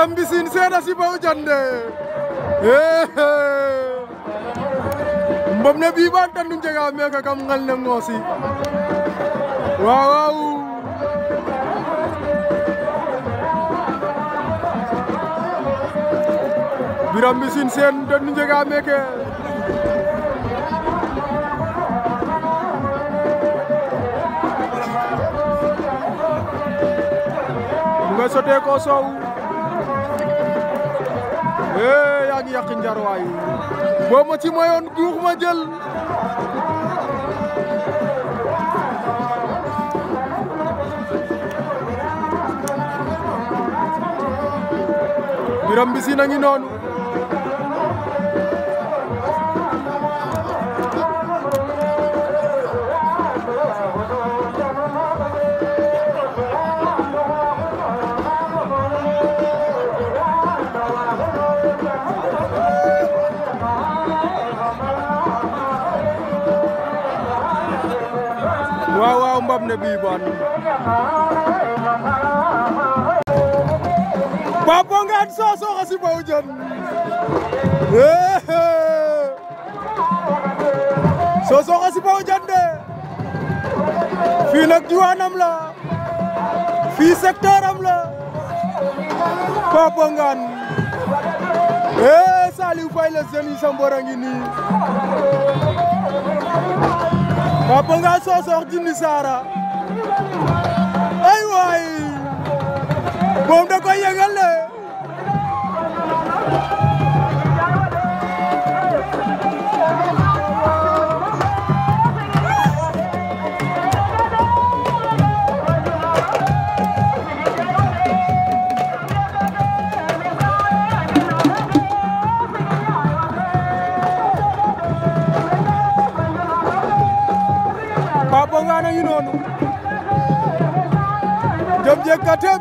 Gambi siin seena si bau jande mbom ne bii baan tandu njega meeka kam ngal ne ngoosi waaw waaw biram bi siin seen tandu njega meeke nga sotee ko eh yaa ngi yàq njarwaay boo ma ci mayoon guux ma jël. biram bi si ngi noonu. mbam ne bii ban Papa Ngane Sokh Sokh a siɓaw jan Sokh Sokh a siɓaw jan de fii nag diwaanam la fii secteur la Papa yi sa Papa Ngagne Sossokh Djily Sara ay waay moom da koy yëngal le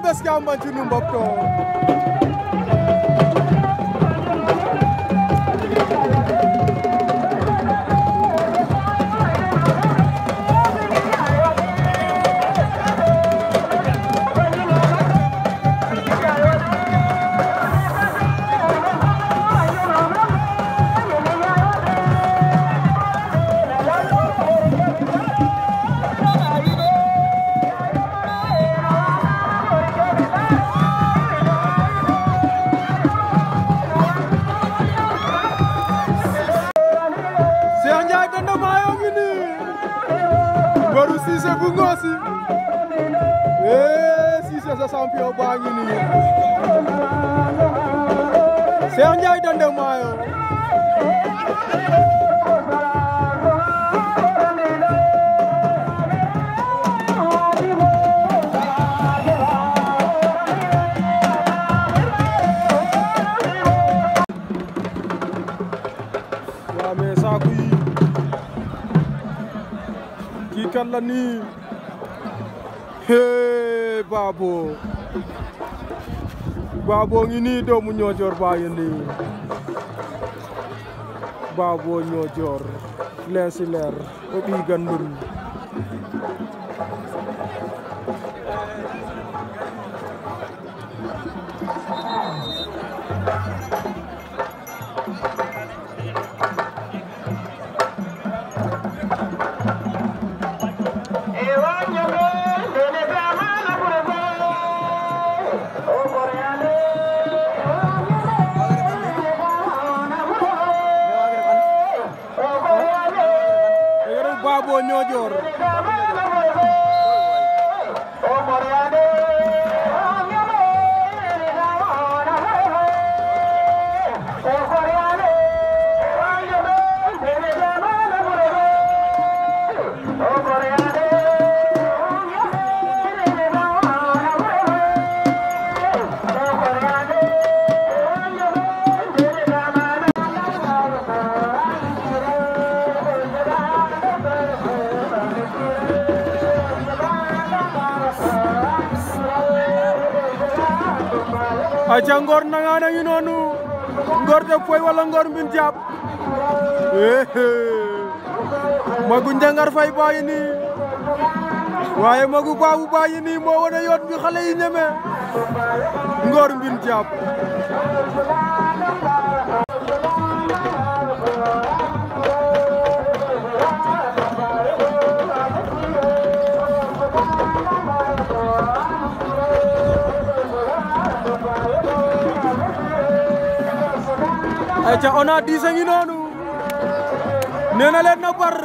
ですがんばん中のバッター。Cheikh Ndiaye Dondé Maayo waaw mais saaku yi kii hee baaboo babong ini nii doomu ñoojoor baa ngi nii baaboo ñoojoor leesi leer o gandum Thank you. aca Ngor Ndangane a ngi noonu Ngor Deg Foy wala Ngor Mbin Jaab magu Njangar Fay baa ngi waaye magu baabu baa ngi nii moo wane bi xale yi ñeme Ngor Mbin Jaab ayca on a 10 a noonu nee na leen na bar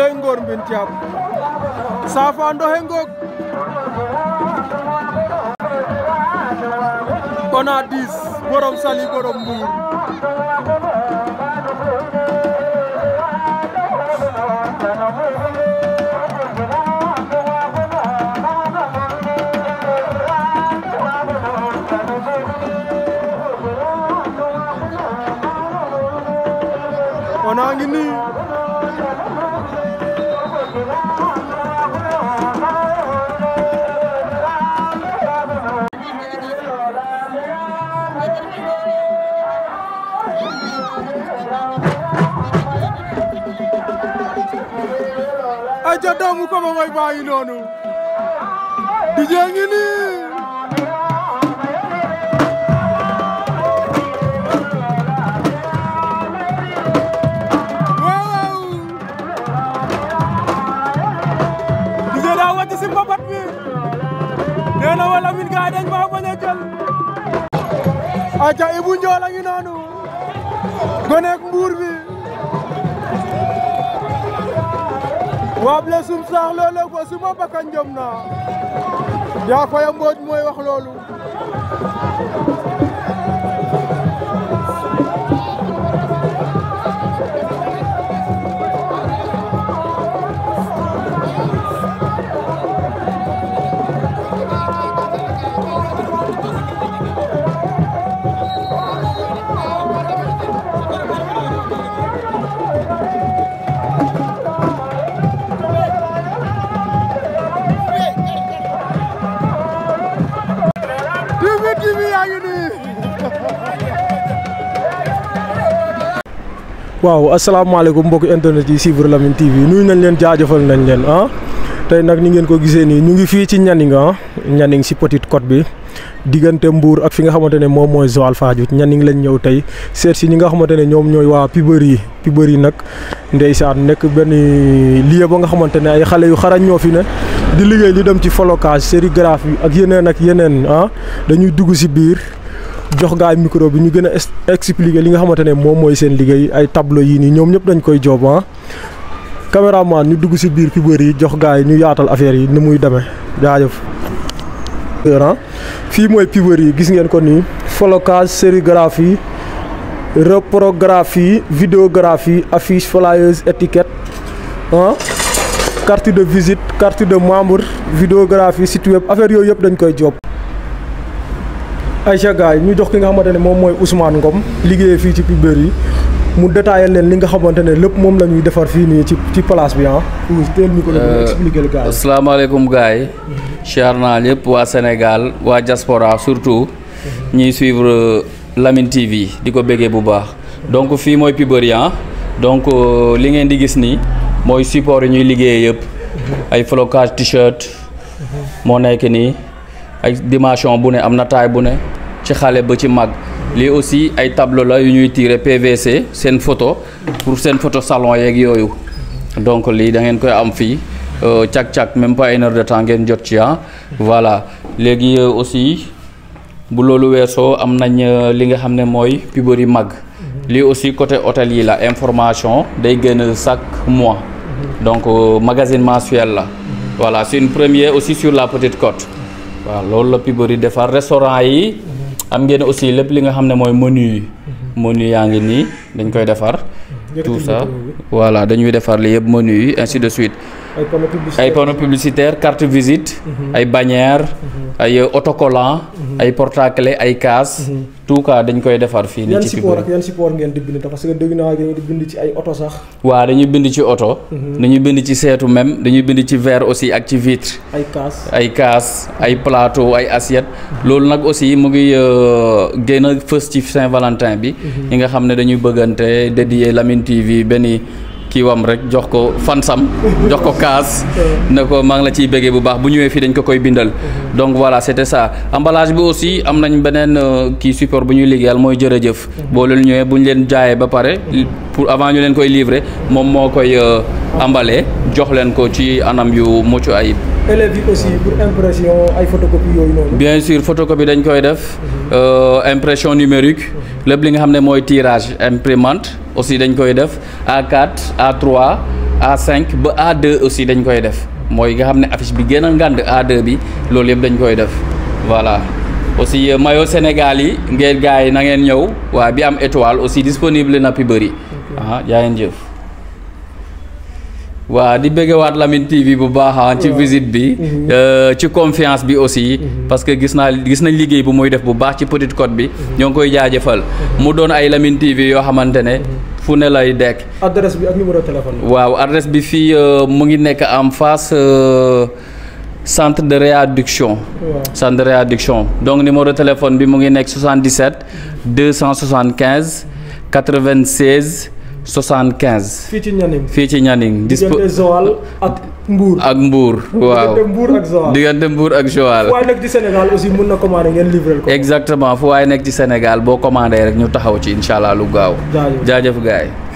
cey ngor mbin tiyaab saafa ndoxe ngoog on a dix borom sali borom mbuur ca doomu ko ma mooy bàyyi noonu di jeengi nii waaw di jee daa wàcc si mbapat bi nee na wala min gaay dañ maa bañ a aca Ibou Ndiol ngi noonu goneek mbuur bi Wablé Soum Sarr looloo ko suma bakkan jëm naa Ndiakhate Mbodj mooy wax loolu. waaw asalaamaaleykum mbokki internet yi suivre Lamyn TV nuyu nañ leen jaajëfal nañ leen ah tey nag ni ngeen ko gisee nii ñu ngi fii ci Nianing ah Nianing si Petite Côte bi diggante Mbour ak fi nga xamante ne moom mooy Joal Fadiouth Nianing lañ ñëw tey seet si ñi nga xamante ne ñoom ñooy waa Pibëri yi Pibëri yi nag ndeysaan nekk benn lieu ba nga xamante ne ay xale yu xarañ ñoo fi ne di liggéey li dem ci flocage sérigraphie ak yeneen ak yeneen ah dañuy dugg si biir. jox gaay micro bi ñu gën a expliquer li nga xamante ne moom mooy seen liggéey ay tableau yi nii ñoom ñëpp dañ koy joob ah caméraman ñu dugg si biir pibër yi jox gaay ñu yaatal affaire yi ni muy demee jaajëf ah. fii mooy pibër yi gis ngeen ko nii flocage sérigraphie reprographie vidéographie affiche flyers étiquette ah carte de visite carte de membre vidéographie site web affaire yooyu yëpp dañ koy job Aïcha Gaye ñu jox ki nga xamante ne moom mooy Ousmane Ngom liggéeyee fii ci Pibéry yi mu détaillé leen li nga xamante ne lépp moom la ñuy defar fii nii ci ci place bi ah. teel ñu ko doon euh, expliqué gars yi. Mm-hmm. naa ñëpp waa Sénégal waa jaspora surtout. ñuy suivre euh, Lamine TV di ko béggee bu baax. donc fii mooy Pibéry ah. donc euh, li ngeen di gis nii. mooy support yi ñuy liggéeyee yëpp. Mm-hmm. ay flocage t-shirt. Mm-hmm. moo nekk nii. ay dimension bu ne am na taay bu ne ci xalé ba ci mag li aussi ay tableau la yu ñuy tirer PVC sen photo pour sen photo salon yeeg yoyu donc li da ngeen koy am euh Chac, cag même pas une heure de temps ngeen jot ci ah voilà légui euh, aussi bu loolu wesso am nañ euh, li nga xamné moy mooy pibori mag Li aussi côté hôtel yi la information day génn chaque mois donc euh, magazine mensuel là voilà c'est une première aussi sur la Petite Côte waaw loolu la Pibori defar restaurant yi mhm. am ngeen aussi lépp li nga xam ne mooy menu yi mhm. menu yaa ngi nii dañ koy defar mhm. tout ça voilà dañuy defar li yëpp menu yi ainsi de suite ay panneaux publicitaires ay panneaux publicitaires carte visite. Mhm. ay bannières. Mhm. ay euh, autocollants. Mhm. ay porte-clés ay cases. tout cas dañ koy defar fii nii. ci support ak yan support ngeen di bind parce que dégg naa dañuy bind ci ay oto sax. waaw dañuy bind ci oto. dañuy bind ci seetu même dañuy bind ci verre aussi ak ci vitre. ay cases ay cases ay plateau ay aussi mu ngi euh, festif Saint-Valentin bi. ñi nga xam dañuy bëggante dédié Lamine TV Benny. kiiwam rek jox ko fansam jox ko kaas ne ko maa ngi la ciy béggee bu baax bu ñëwee fii dañ ko koy bindal donc voilà c'était sa embalage bi aussi am nañ beneen euh, kii support bu ñuy liggéeyal mooy jërëjëf boo leen ñëwee bu ñu leen jaayee ba pare pour avant ñu leen koy livrer moom moo koy euh, emballé jox leen ko ci anam yu mucc ayib élèves yi aussi pour impression ay photocopie bien sûr photocopie dañ koy def euh, impression numérique le li nga xam ne tirage imprimante aussi dañ koy def A4 A3 A5 ba A2 aussi dañ koy def mooy nga xam affiche bi gën a A2 bi loolu yëpp dañ koy def voilà. aussi euh, maillot Sénégal yi ngeen gars yi na ngeen ñëw bi am étoile aussi disponible na pi bëri. Ah, yaa ngeen waa di bëggewaat Lamine TV bu baax ah, ci visite bi. Mhm. Euh, ci confiance bi aussi. Mhm. parce que gis naa gis nañ liggéey bi muy def bu baax ci Petite Côte bi. Mhm. ñoo ngi koy jaajafal mu doon ay Lamine TV yoo xamante ne. fu ne lay dekk. adresse bi ak numéro téléphone waaw adresse bi fii euh, mu ngi nekk en face. Euh, centre de réadduction. Ouais. centre de réadduction donc numéro de téléphone bi mu ngi nekk cent 77 275 96. 75. fii ci Nianing fii ci Nianing. dispo diggante Joal ak mbuur ak Mbour waaw diggante Mbour ak Joal. diggante Mbour ak Joal. fu waay nekk ci Sénégal aussi mun na commander ngeen livrer ko. exactement fu waay nekk ci Sénégal boo commandé rek ñu taxaw ci incha allah lu gaaw. jaajëf jaajëf